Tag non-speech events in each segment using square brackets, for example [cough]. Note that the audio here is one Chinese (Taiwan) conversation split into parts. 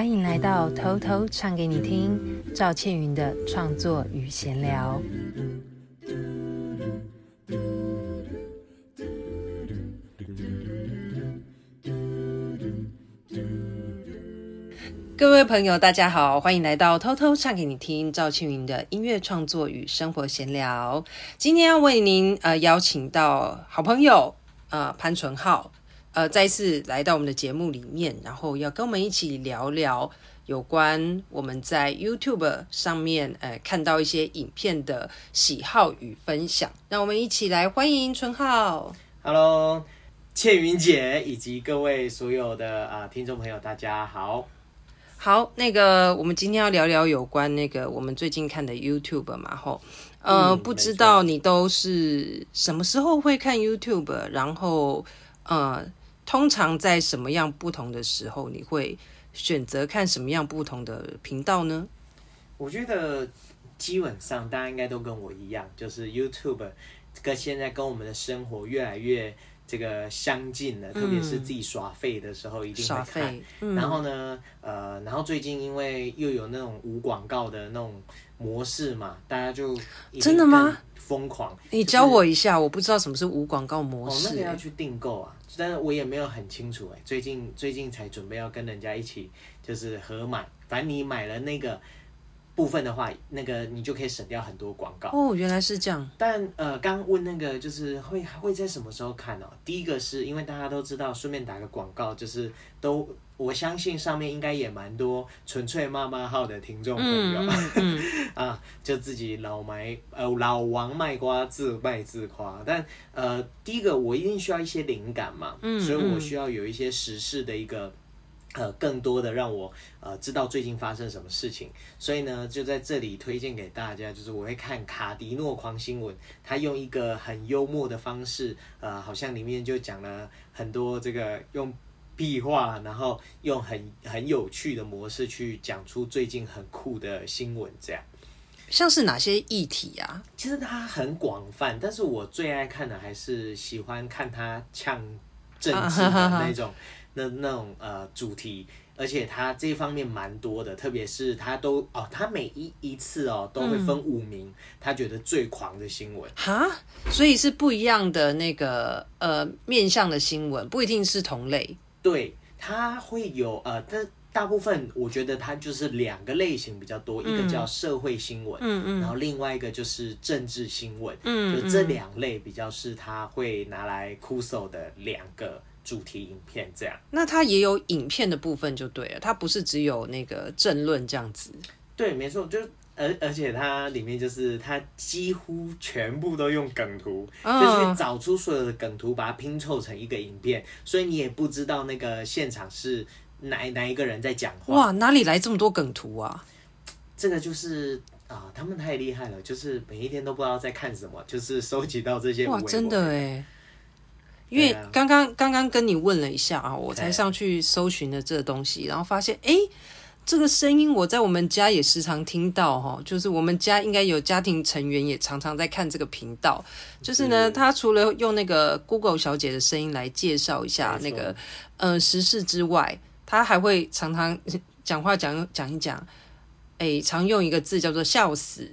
歡迎來到偷偷唱給你聽，趙倩雲的創作與閒聊。各位朋友，大家好，歡迎來到偷偷唱給你聽，趙倩雲的音樂創作與生活閒聊。今天要為您呃邀請到好朋友呃潘純皓。呃，再次來到我們的節目裡面，然後要跟我們一起聊聊有關我們在 YouTube 上面呃看到一些影片的喜好與分享。讓我們一起來歡迎純皓，Hello，倩雲姐以及各位所有的啊、呃、聽眾朋友，大家好。好，那個我們今天要聊聊有關那個我們最近看的 YouTube 嘛，吼，嗯、呃，不知道你都是什麼時候會看 YouTube，然後呃。通常在什麼樣不同的時候，你會選擇看什麼樣不同的頻道呢？我覺得基本上大家應該都跟我一樣，就是 YouTube 跟現在跟我們的生活越來越這個相近了，嗯、特別是自己耍廢的時候一定在看。耍廢。嗯、然後呢，呃，然後最近因為又有那種無廣告的那種模式嘛，大家就一真的嗎？瘋狂、就是！你教我一下，我不知道什麼是無廣告模式。哦，那你要去訂購啊。但我也沒有很清楚哎、欸，最近最近才準備要跟人家一起，就是合買。反正你買了那個。部分的話，那個你就可以省掉很多廣告哦。原來是這樣。但呃，剛問那個就是會還會在什麼時候看呢？哦？第一個是因為大家都知道，順便打個廣告，就是都我相信上面應該也蠻多純粹媽媽號的聽眾朋友，嗯嗯、 [laughs] 啊，就自己老賣呃老王賣瓜自賣自誇。但呃，第一個我一定需要一些靈感嘛，嗯，所以我需要有一些時事的一個。呃，更多的讓我呃知道最近發生什麼事情，所以呢，就在這裡推薦給大家，就是我會看卡迪諾狂新聞，他用一個很幽默的方式，呃，好像裡面就講了很多這個用屁話，然後用很很有趣的模式去講出最近很酷的新聞，這樣，像是哪些議題啊？其實他很廣泛，但是我最愛看的還是喜歡看他嗆政治的那種。那那種呃主題，而且他這方面蠻多的，特別是他都哦，他每一一次哦都會分五名，嗯、他覺得最狂的新聞哈，所以是不一樣的那個呃面向的新聞，不一定是同類。對，他會有呃，他大部分我覺得他就是兩個類型比較多，嗯、一個叫社會新聞、嗯，嗯嗯，然後另外一個就是政治新聞，嗯，就這兩類比較是他會拿來 Kuso 的兩個。主題影片這樣，那它也有影片的部分就對了，它不是只有那個政論這樣子。對，沒錯，就而而且它裡面就是它幾乎全部都用梗圖，啊、就是找出所有的梗圖，把它拼湊成一個影片，所以你也不知道那個現場是哪哪一個人在講話。哇，哪裡來這麼多梗圖啊？這個就是啊，他們太厲害了，就是每一天都不知道在看什麼，就是收集到這些。哇，真的哎。因為剛剛剛剛跟你問了一下啊，我才上去搜尋了這個東西，啊、然後發現，哎，這個聲音我在我們家也時常聽到哈，就是我們家應該有家庭成員也常常在看這個頻道，就是呢，嗯、他除了用那個 Google 小姐的聲音來介紹一下那個錯呃時事之外，他還會常常講話講講一講，哎，常用一個字叫做“笑死”，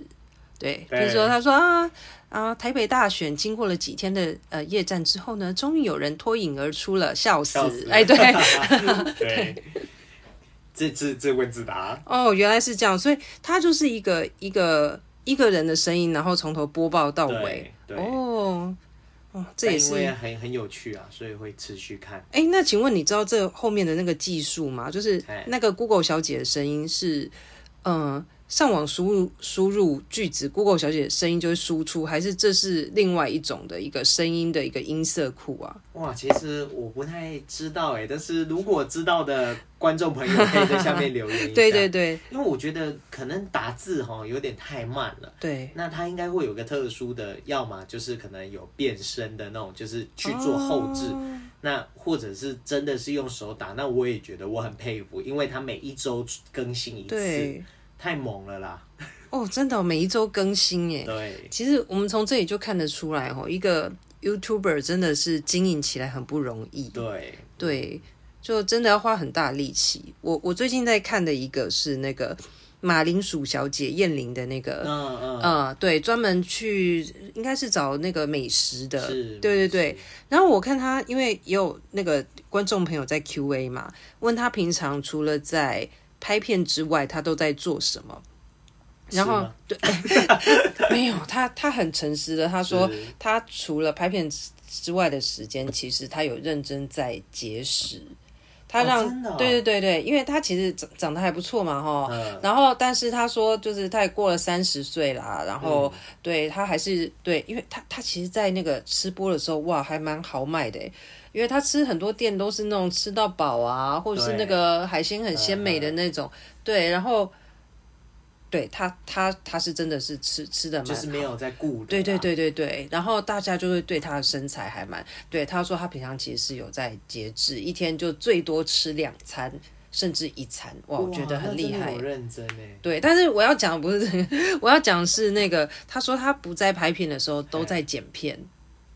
對，比如說他說啊。啊，台北大選經過了幾天的呃夜戰之後呢，終於有人脫穎而出了，笑死！笑死哎，對， [laughs] 對，Okay 自這自，自問自答。哦，原來是這樣，所以他就是一個一個一個人的聲音，然後從頭播報到尾。對，對哦，哦，這也是很很有趣啊，所以會持續看。哎，那請問你知道這後面的那個技術嗎？就是那個 Google 小姐的聲音是嗯。呃上網輸入輸入句子，Google 小姐聲音就會輸出，還是這是另外一種的一個聲音的一個音色庫啊？哇，其實我不太知道哎，但是如果知道的觀眾朋友可以在下面留言。 [laughs] 對對對，因為我覺得可能打字哈、哦、有點太慢了。對，那它應該會有個特殊的，要麼就是可能有變聲的那種，就是去做後製，哦、那或者是真的是用手打，那我也覺得我很佩服，因為它每一週更新一次。對太猛了啦！哦，oh, 真的，哦，每一周更新耶。對，其實我們從這裡就看得出來，哦，一個 YouTuber 真的是經營起來很不容易。對，對，就真的要花很大的力氣。我我最近在看的一個是那個馬鈴薯小姐燕玲的那個，嗯嗯，嗯、呃、對，專門去應該是找那個美食的。是對對對。食然後我看他，因為也有那個觀眾朋友在 QA 嘛，問他平常除了在拍片之外，他都在做什麼？然後，對嗎， [laughs] 沒有他，他很誠實的，他說是他除了拍片之外的時間，其實他有認真在節食。他讓對、哦哦、對對對，因為他其實長長得還不錯嘛哈、哦，嗯、然後但是他說就是他也過了三十歲啦，然後對、嗯、他還是對，因為他他其實，在那個吃播的時候哇，還蠻豪邁的，因為他吃很多店都是那種吃到飽啊，或者是那個海鮮很鮮美的那種，對，對嗯、然後。對他,他，他是真的是吃吃的蠻，就是沒有在顧慮。對對對對對，然後大家就會對他的身材還蠻。對，他說他平常其實是有在節制，一天就最多吃兩餐，甚至一餐。哇，哇我覺得很厲害，真的認真哎。對，但是我要講的不是這個，我要講是那個，他說他不在拍片的時候都在剪片。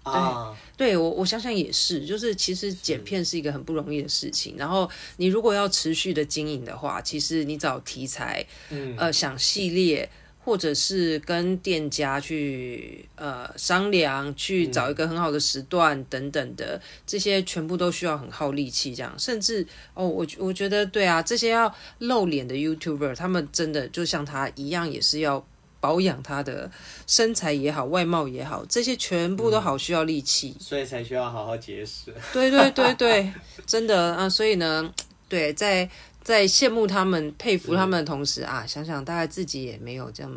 對啊，對，我我想想也是，就是其實剪片，是一個很不容易的事情。是然後你如果要持續的經營的話，其實你找題材，嗯、呃，想系列，或者是跟店家去呃商量，去找一個很好的時段、嗯、等等的，這些全部都需要很耗力氣。這樣，甚至哦，我我覺得對啊，這些要露臉的 YouTuber，他們真的就像他一樣，也是要。保養他的身材也好，外貌也好，這些全部都好需要力氣、嗯，所以才需要好好節食。 [laughs] 對對對對，真的啊，所以呢，對，在在羨慕他們、佩服他們的同時是啊，想想大概自己也沒有這樣，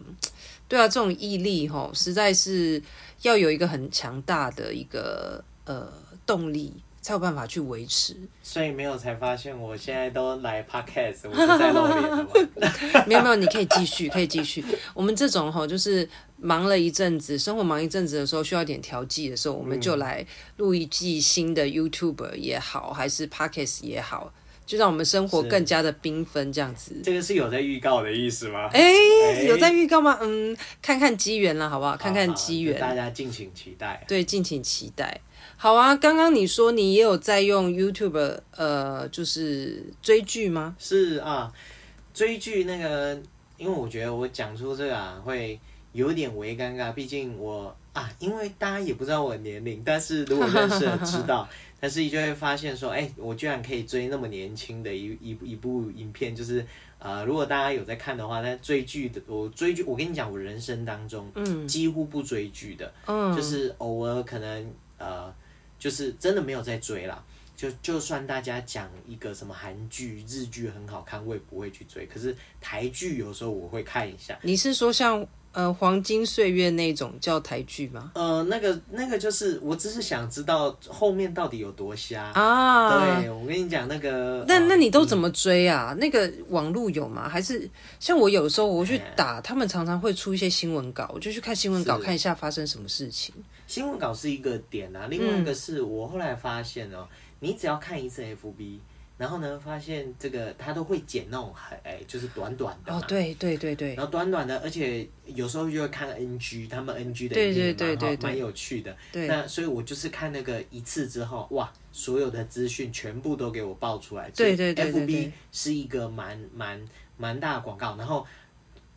對啊，這種毅力吼，實在是要有一個很強大的一個呃動力，才有辦法去維持，所以沒有才發現，我現在都來 podcast，我不再露臉了。沒有 [laughs] [laughs] 沒有，你可以繼續，可以繼續。 [laughs] 我們這種哈、哦，就是忙了一陣子，生活忙一陣子的時候，需要點調劑的時候，我們就來錄一季新的 YouTube 也好，還是 podcast 也好。就讓我們生活更加的繽紛，這樣子。這個是有在預告的意思嗎？哎、欸，欸、有在預告嗎？嗯，看看機緣了，好不好？看看機緣，好好大家敬請期待。對，敬請期待。好啊，剛剛你說你也有在用 YouTube，呃，就是追劇嗎？是啊，追劇那個，因為我覺得我講出這個、啊、會有點微尷尬，畢竟我啊，因為大家也不知道我年齡，但是如果認識的知道。 [laughs] 但是你就會發現說，哎、欸，我居然可以追那麼年輕的一一一部影片，就是，呃，如果大家有在看的話，那追劇的我追劇，我跟你講，我人生當中，嗯、幾乎不追劇的，嗯、就是偶爾可能，呃，就是真的沒有在追啦。就就算大家講一個什麼韓劇、日劇很好看，我也不會去追。可是台劇有時候我會看一下。你是說像？呃，黃金歲月那種叫台劇嗎？呃，那個那個就是，我只是想知道後面到底有多瞎啊！對，我跟你講那個，那但、哦、那你都怎麼追啊？你那個網路有嗎？還是像我有時候我去打，對他們常常會出一些新聞稿，我就去看新聞稿是看一下發生什麼事情。新聞稿是一個點啊，另外一個是我後來發現哦、喔，嗯、你只要看一次 FB，然後呢，發現這個他都會剪那種很哎、欸，就是短短的嘛。哦，對對對對。對對，然後短短的，而且有時候就會看 NG，他們 NG 的電影嘛，哈，蠻，好蠻有趣的。對那所以我就是看那個一次之後，哇，所有的資訊全部都給我爆出來。對對對。FB 是一個蠻蠻蠻，蠻大的廣告，然後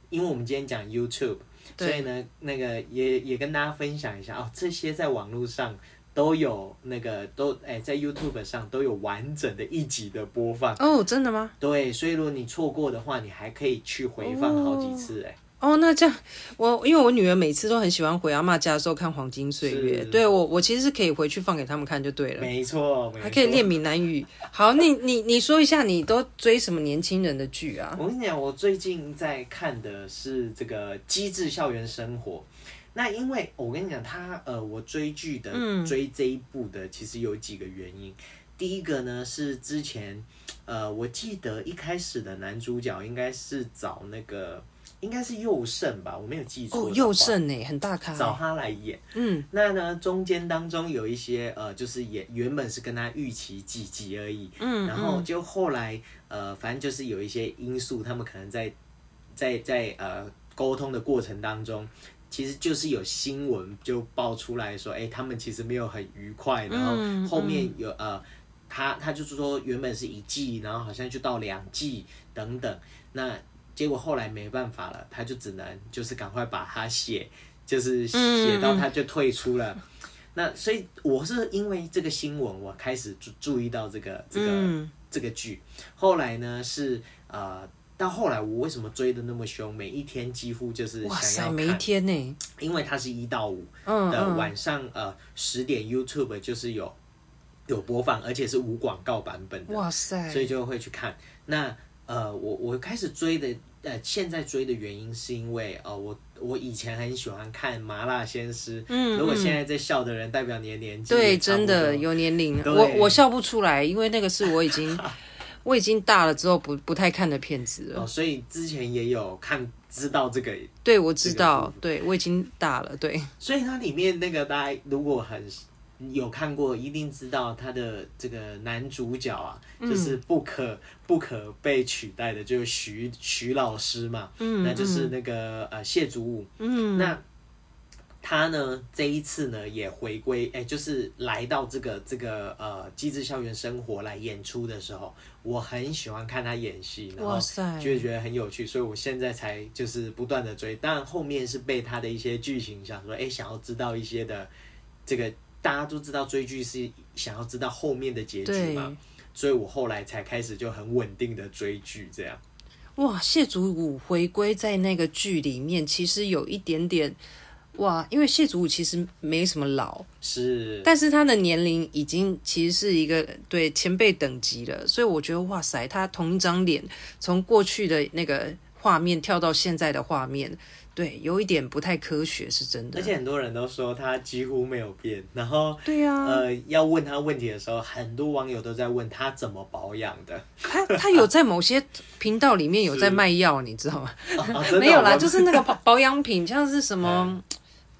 因為我們今天講 YouTube，對所以呢，那個也也跟大家分享一下哦，這些在網絡上。都有那個都，哎、欸，在 YouTube 上都有完整的一集的播放哦，oh, 真的嗎？對，所以如果你錯過的話，你還可以去回放好幾次哎、欸。哦，oh, oh, 那這樣我，因為我女兒每次都很喜歡回阿媽家的時候看《黃金歲月》是，對我我其實是可以回去放給他們看就對了。沒錯，沒錯還可以練閩南語。好， [laughs] 你你你說一下你都追什麼年輕人的劇啊？我跟你講，我最近在看的是這個《機智校園生活》。那因為我跟你講，他呃，我追劇的追這一部的，其實有幾個原因。第一個呢是之前，呃，我記得一開始的男主角應該是找那個應該是宥勝吧，我沒有記錯。哦，宥勝哎，很大咖，找他來演。嗯，那呢中間當中有一些呃，就是也原本是跟他預期幾集而已。嗯，然後就後來呃，反正就是有一些因素，他們可能在在在呃溝通的過程當中，其實就是有新聞就爆出來說，哎、欸，他們其實沒有很愉快，然後後面有呃，他他就是說原本是一季，然後好像就到兩季等等，那結果後來沒辦法了，他就只能就是趕快把它寫，就是寫到他就退出了。嗯嗯，那所以我是因為這個新聞，我開始注注意到這個這個這個劇，後來呢是呃。到後來我為什麼追的那麼凶？每一天幾乎就是想要看每一天呢？因為它是一到五的晚上，呃，十點 YouTube 就是有有播放，而且是無廣告版本的。哇塞！所以就會去看。那呃，我我開始追的，呃，現在追的原因是因為呃，我我以前很喜歡看《麻辣鮮師》。嗯。如果現在在笑的人，代表年年紀、嗯。對、嗯，不真的有年齡。對 我我笑不出來，因為那個是我已經。 [laughs] 我已經大了之後不不太看的片子了，哦、所以之前也有看知道這個。對，我知道，對，我已經大了，對。所以它裡面那個大家如果很有看過，一定知道它的這個男主角啊，就是不可、嗯、不可被取代的，就是徐徐老師嘛，嗯、那就是那個、嗯、呃謝祖武，嗯、那。他呢，這一次呢也回歸，哎，就是來到這個這個呃機智校園生活來演出的時候，我很喜歡看他演戲，然後就會覺得很有趣，塞所以我現在才就是不斷的追，但後面是被他的一些劇情想說，哎，想要知道一些的這個大家都知道追劇是想要知道後面的結局嘛，對所以我後來才開始就很穩定的追劇這樣。哇，謝祖武回歸在那個劇裡面，其實有一點點。哇，因為謝祖武其實沒什麼老，是，但是他的年齡已經其實是一個對前輩等級了，所以我覺得哇塞，他同一張臉從過去的那個畫面跳到現在的畫面，對，有一點不太科學，是真的。而且很多人都說他幾乎沒有變，然後對呀、啊，呃，要問他問題的時候，很多網友都在問他怎麼保養的，他他有在某些頻道裡面有在賣藥， [laughs] 是你知道嗎？哦、 [laughs] 沒有啦，就是那個保保養品，像是什麼。嗯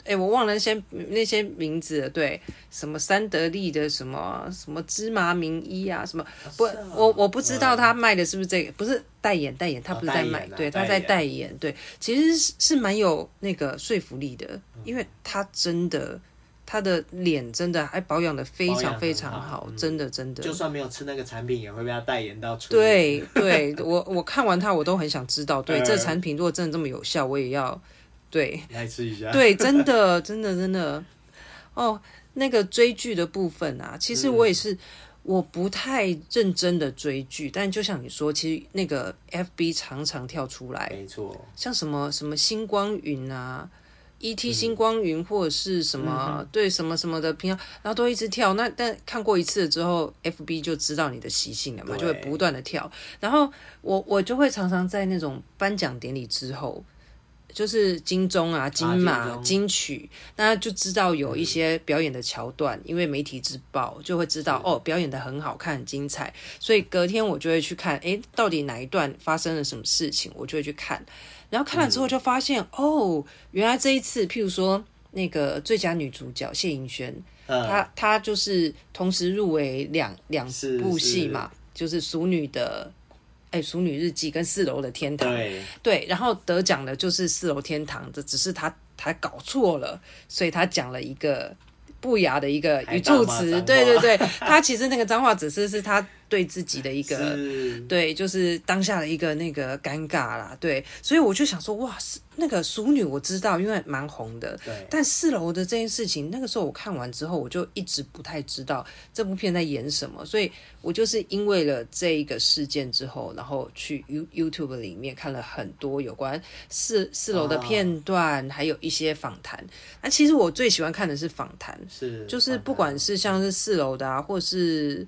哎、欸，我忘了那些那些名字，對，什麼三得利的，什麼什麼芝麻明 E 啊，什麼不，我我不知道他賣的是不是這個，不是代言代言，他不是在賣，對，他在代言，對，其實是是蠻有那個說服力的，因為他真的，他的臉真的還保養得非常非常好，真的真的，就算沒有吃那個產品，也會被他代言到出。對對，我我看完他，我都很想知道，對這產品如果真的這麼有效，我也要。對， [laughs] 對，真的，真的，真的，哦、oh，那個追劇的部分啊，其實我也是，我不太認真的追劇，是但就像你說，其實那個 FB 常常跳出來，沒錯錯，像什麼什麼星光雲啊、嗯、，ET 星光雲或者是什麼、嗯、哼對什麼什麼的平，平常然後都一直跳，那但看過一次之後，FB 就知道你的習性了嘛，對就會不斷的跳，然後我我就會常常在那種頒獎典禮之後。就是金鐘啊、金馬、啊、金、金曲，那就知道有一些表演的橋段，嗯、因為媒體之報就會知道、嗯、哦，表演得很好看、很精彩，所以隔天我就會去看，哎、欸，到底哪一段發生了什麼事情，我就會去看，然後看了之後就發現、嗯、哦，原來這一次，譬如說那個最佳女主角謝盈萱，嗯、她她就是同時入圍兩兩部戲嘛，是是就是《熟女的》。哎，誒《淑女日記》跟四樓的天堂，對，對，然後得獎的就是四樓天堂，這只是他他搞錯了，所以他講了一個不雅的一個語助詞，對對對，他其實那個髒話只是 [laughs] 是他。對自己的一個是對，就是當下的一個那個尷尬啦，對，所以我就想說，哇，那個熟女我知道，因為蠻紅的，對。但四樓的這件事情，那個時候我看完之後，我就一直不太知道這部片在演什麼，所以我就是因為了這一個事件之後，然後去 YouTube 裡面看了很多有關四四樓的片段，哦、還有一些訪談。那其實我最喜歡看的是訪談，是，就是不管是像是四樓的啊，哦、或是。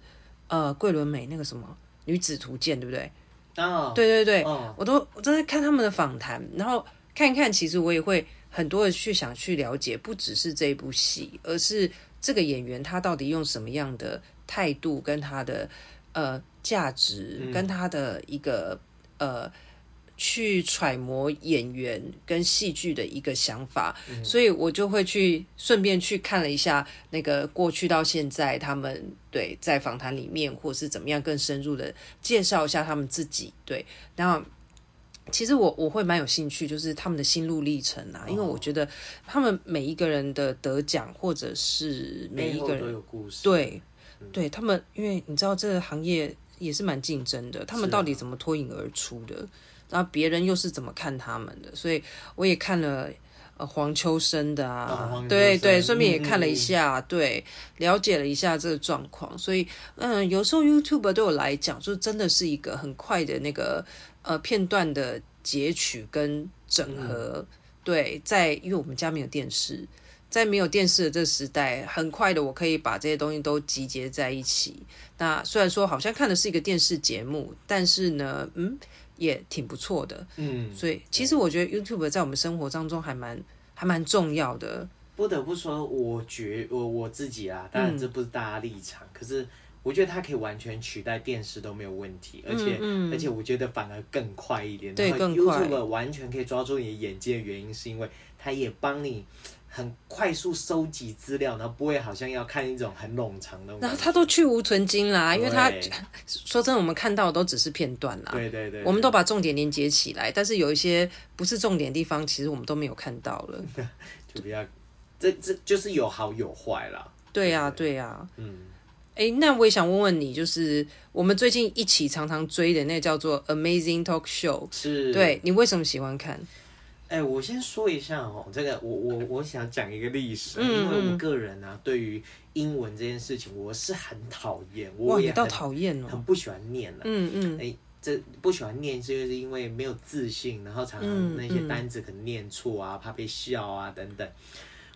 呃，桂綸鎂那個什麼《女子圖鑑》，對不對？Oh, 對對對，oh. 我都我正在看他們的訪談，然後看一看，其實我也會很多的去想去了解，不只是這一部戲，而是這個演員他到底用什麼樣的態度，跟他的呃價值，跟他的一個、嗯、呃。去揣摩演員跟戲劇的一個想法，嗯、所以我就會去順便去看了一下那個過去到現在他們對在訪談裡面，或是怎麼樣更深入的介紹一下他們自己對。那其實我我會蠻有興趣，就是他們的心路歷程啊，哦、因為我覺得他們每一個人的得獎，或者是每一個人都有故事，對、嗯、對，他們因為你知道這個行業也是蠻競爭的，啊、他們到底怎麼脫穎而出的？然後別人又是怎麼看他們的？所以我也看了，呃、黃秋生的啊，對對，順便也看了一下，嗯、對，了解了一下這個狀況。所以嗯，有時候 YouTube 對我來講，就真的是一個很快的那個呃片段的截取跟整合。嗯、對，在因為我們家沒有電視，在沒有電視的這個時代，很快的我可以把這些東西都集結在一起。那雖然說好像看的是一個電視節目，但是呢，嗯。也挺不錯的，嗯，所以其實我覺得 YouTube 在我們生活當中還蠻對還蠻重要的。不得不說，我覺我我自己啊，當然這不是大家立場，嗯、可是我覺得它可以完全取代電視都沒有問題，而且、嗯、而且我覺得反而更快一點。對，更快。YouTube 完全可以抓住你的眼界的原因，是因為它也幫你。很快速收集資料，然後不會好像要看一種很冗長的。然後、啊、他都去蕪存菁啦，對因為他說真的，我們看到的都只是片段啦。對對對，我們都把重點連接起來，但是有一些不是重點的地方，其實我們都沒有看到了。就比較就這這就是有好有壞啦。對呀對呀、啊，對啊、嗯，哎、欸，那我也想問問你，就是我們最近一起常常追的那個叫做《Amazing Talk Show 是》對，是對你為什麼喜歡看？哎，我先說一下哦，這個我我我想講一個歷史，嗯、因為我個人呢、啊，嗯、對於英文這件事情，我是很討厭，哇我也很也討厭、哦，很不喜歡念了、啊嗯。嗯嗯，哎，這不喜歡念是因為是因為沒有自信，然後常常那些單字可能念錯啊，嗯嗯、怕被笑啊等等。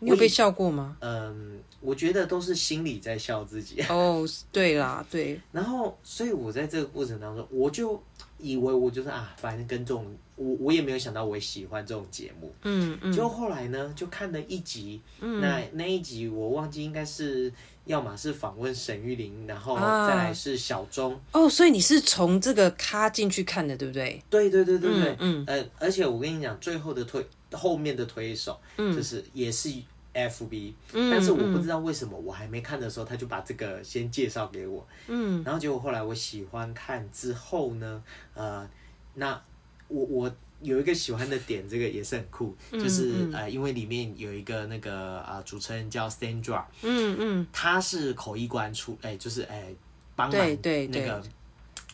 你有被笑過嗎？嗯，我覺得都是心裡在笑自己。哦，對啦，對。然後，所以我在這個過程當中，我就以為我就是啊，反正跟這種。我我也沒有想到我喜歡這種節目，嗯嗯，就後來呢，就看了一集，嗯，那那一集我忘記應該是要麼是訪問沈玉琳，然後再來是小鍾、啊、哦，所以你是從這個咖進去看的，對不對？對對對對對，嗯，嗯、呃，而且我跟你講，最後的推後面的推手，就是、嗯、也是 F B，嗯，但是我不知道為什麼我還沒看的時候，他就把這個先介紹給我，嗯，然後結果後來我喜歡看之後呢，呃，那。我我有一個喜歡的點，這個也是很酷， [laughs] 就是、嗯、呃，因為裡面有一個那個啊、呃、主持人叫 Sandra，嗯嗯，嗯，他是口譯官出，哎、欸，就是哎、欸，幫忙那個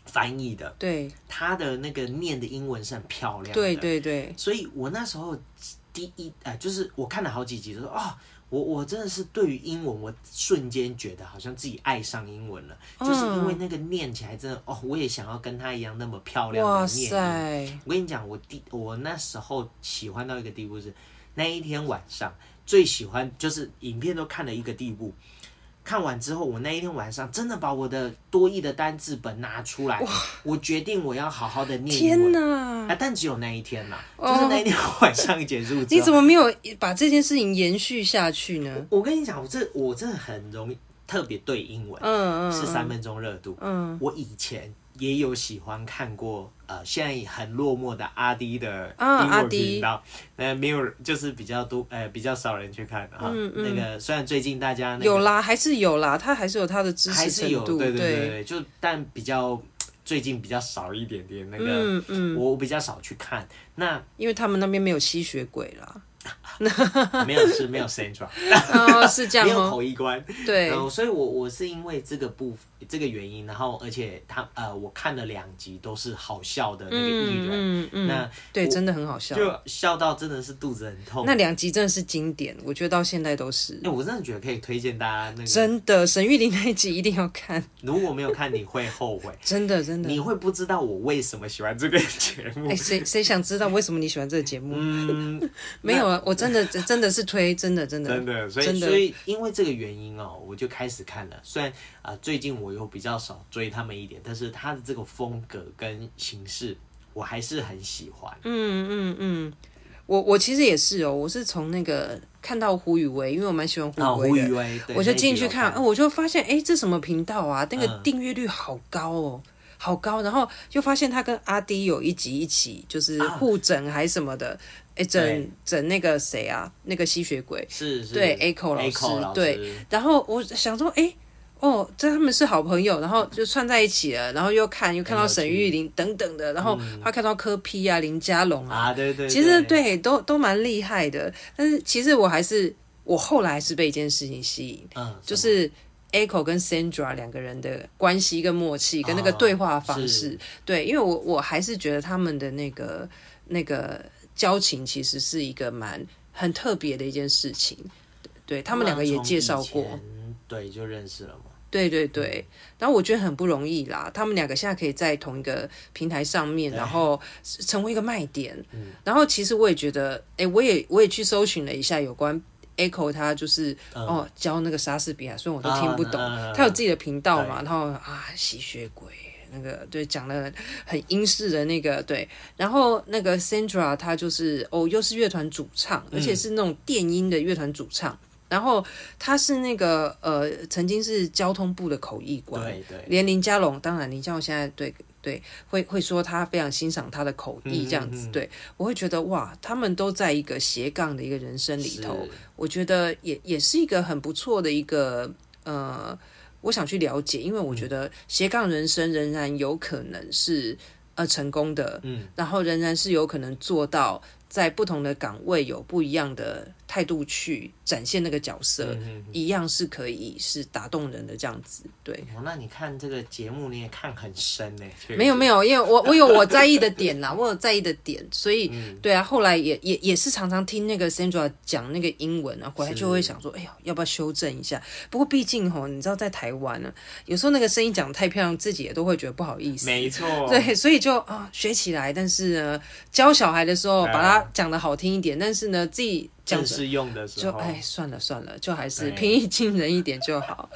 翻譯的對，對，他的那個念的英文是很漂亮的，對對對，所以我那時候第一哎、呃，就是我看了好幾集，就說哦。我我真的是對於英文，我瞬間覺得好像自己愛上英文了，嗯、就是因為那個念起來真的哦，我也想要跟他一樣那麼漂亮的念。哇塞！我跟你講，我第我那時候喜歡到一個地步是，那一天晚上最喜歡就是影片都看了一個地步。看完之後，我那一天晚上真的把我的多益的單字本拿出來，哇我決定我要好好的念英文，天哪、啊！但只有那一天嘛，哦、就是那一天晚上結束。你怎麼沒有把這件事情延續下去呢？我，我跟你講，我這我這很容易，特別對英文，嗯，嗯嗯，是三分鐘熱度。嗯，嗯，我以前也有喜歡看過。呃，現在很落寞的阿滴的、D 啊、道阿滴頻道沒有，就是比較多，呃，比較少人去看啊，嗯嗯、那個雖然最近大家、那個、有啦，還是有啦，他還是有他的知識程度還是有，對對對，對就但比較最近比較少一點點那個，我比較少去看。嗯嗯、那因為他們那邊沒有吸血鬼啦。 [laughs] 沒有，是沒有 central 是這樣，沒有口譯官，對，所以我，我我是因為這個部這個原因，然後而且他呃，我看了兩集都是好笑的那個藝人，嗯嗯、那我對，真的很好笑，就笑到真的是肚子很痛。那兩集真的是經典，我覺得到現在都是。欸、我真的覺得可以推薦大家那個，真的，沈玉琳那一集一定要看。 [laughs] 如果沒有看，你會後悔，真的真的，真的你會不知道我為什麼喜歡這個節目。哎，誰誰想知道為什麼你喜歡這個節目？ [laughs] 嗯，沒有。我我真的真的是推，真的真的 [laughs] 真的，所以，真的所以，因為這個原因哦，我就開始看了。雖然啊、呃，最近我又比較少追他們一點，但是他的這個風格跟形式，我還是很喜歡。嗯嗯嗯，我我其實也是哦，我是從那個看到胡宇威，因為我蠻喜歡胡宇威的，哦、我就進去看對，嗯呃，我就發現哎、欸，這什麼頻道啊？那個訂閱率好高哦。嗯好高，然後就發現他跟阿 D 有一集一起，就是互整還是什麼的，哎、啊，整整、欸、對那個誰啊，那個吸血鬼，是是對 a c h o 老師，老師對。然後我想說，哎、欸，哦，這他們是好朋友，然後就串在一起了。然後又看，又看到沈玉林等等的，然後他看到柯 P 啊、嗯、林佳龍啊，啊對，對對，其實對，都都蠻厲害的。但是其實我還是，我後來還是被一件事情吸引，嗯、就是。Echo 跟 Sandra 兩個人的關係跟默契，跟那個對話方式，哦、對，因為我我還是覺得他們的那個那個交情其實是一個蠻很特別的一件事情。對，他們兩個也介紹過，對，就認識了嘛。對對對，嗯、然後我覺得很不容易啦。他們兩個現在可以在同一個平台上面，對然後成為一個賣點。嗯、然後其實我也覺得，哎、欸，我也我也去搜尋了一下有關。Echo 他就是、嗯、哦教那個莎士比亞，所以我都聽不懂，啊啊啊，他有自己的頻道嘛。對然後啊，吸血鬼那個對講的很英式的那個對，然後那個 Sandra 他就是哦又是樂團主唱，而且是那種電音的樂團主唱。嗯、然後他是那個呃曾經是交通部的口譯官，對對，對連林嘉龍，當然林嘉龍現在對。對，會會說他非常欣賞他的口譯這樣子，嗯嗯嗯，對，我會覺得哇，他們都在一個斜槓的一個人生裡頭，是我覺得也也是一個很不錯的一個，呃，我想去了解，因為我覺得斜槓人生仍然有可能是、嗯、呃成功的，然後仍然是有可能做到在不同的崗位有不一樣的。態度去展現那個角色，嗯、哼哼一樣是可以是打動人的這樣子。對，哦、那你看這個節目你也看很深呢？沒有沒有，因為我我有我在意的點啦， [laughs] 我有在意的點，所以、嗯、對啊，後來也也也是常常聽那個 Sandra 講那個英文啊，回來就會想說，是哎呀，要不要修正一下？不過畢竟吼，你知道在台灣呢、啊，有時候那個聲音講得太漂亮，自己也都會覺得不好意思。沒錯錯，對，所以就啊、哦，學起來。但是呢，教小孩的時候、啊、把它講的好聽一點，但是呢，自己。像是用的時候，就哎算了算了，就還是平易近人一點就好。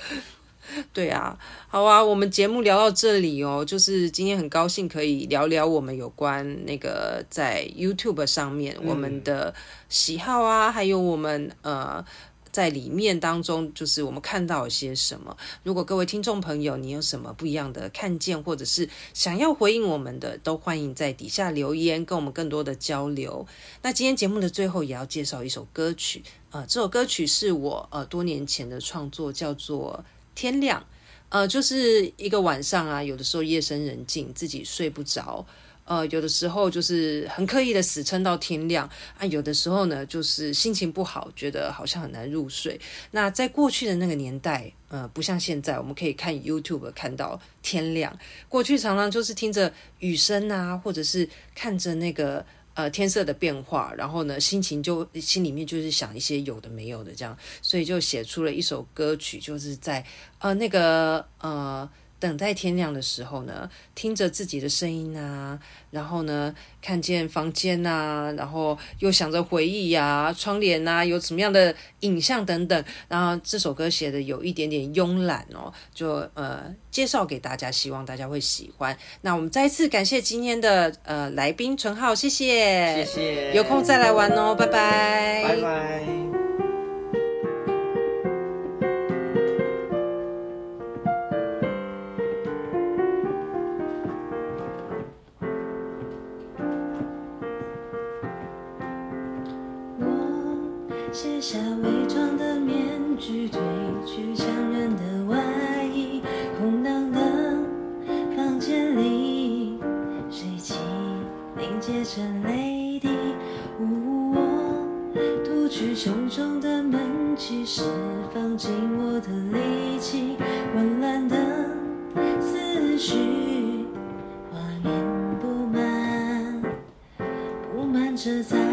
對， [laughs] 對啊，好啊，我們節目聊到這裡哦，就是今天很高興可以聊聊我們有關那個在 YouTube 上面，嗯、我們的喜好啊，還有我們呃。在裡面當中，就是我們看到一些什麼。如果各位聽眾朋友，你有什麼不一樣的看見，或者是想要回應我們的，都歡迎在底下留言，跟我們更多的交流。那今天節目的最後，也要介紹一首歌曲啊。呃，這首歌曲是我呃多年前的創作，叫做《天亮》。呃，就是一個晚上啊，有的時候夜深人靜，自己睡不着。呃，有的時候就是很刻意的死撐到天亮啊，有的時候呢就是心情不好，覺得好像很難入睡。那在過去的那個年代，呃，不像現在，我們可以看 YouTube 看到天亮。過去常常就是聽着雨聲啊，或者是看着那個呃天色的變化，然後呢心情就心裡面就是想一些有的沒有的這樣，所以就寫出了一首歌曲，就是在呃那個呃。等待天亮的時候呢，聽着自己的聲音啊，然後呢，看見房間啊，然後又想着回憶呀、啊，窗簾啊，有什麼樣的影像等等。然後這首歌寫得有一點點慵懶哦，就呃介紹給大家，希望大家會喜歡。那我們再一次感謝今天的呃來賓純皓，謝謝，謝謝，有空再來玩哦，拜拜，拜拜。拜拜。的悶氣釋放寂寞的力氣，混亂的思緒，畫面布滿，布滿着。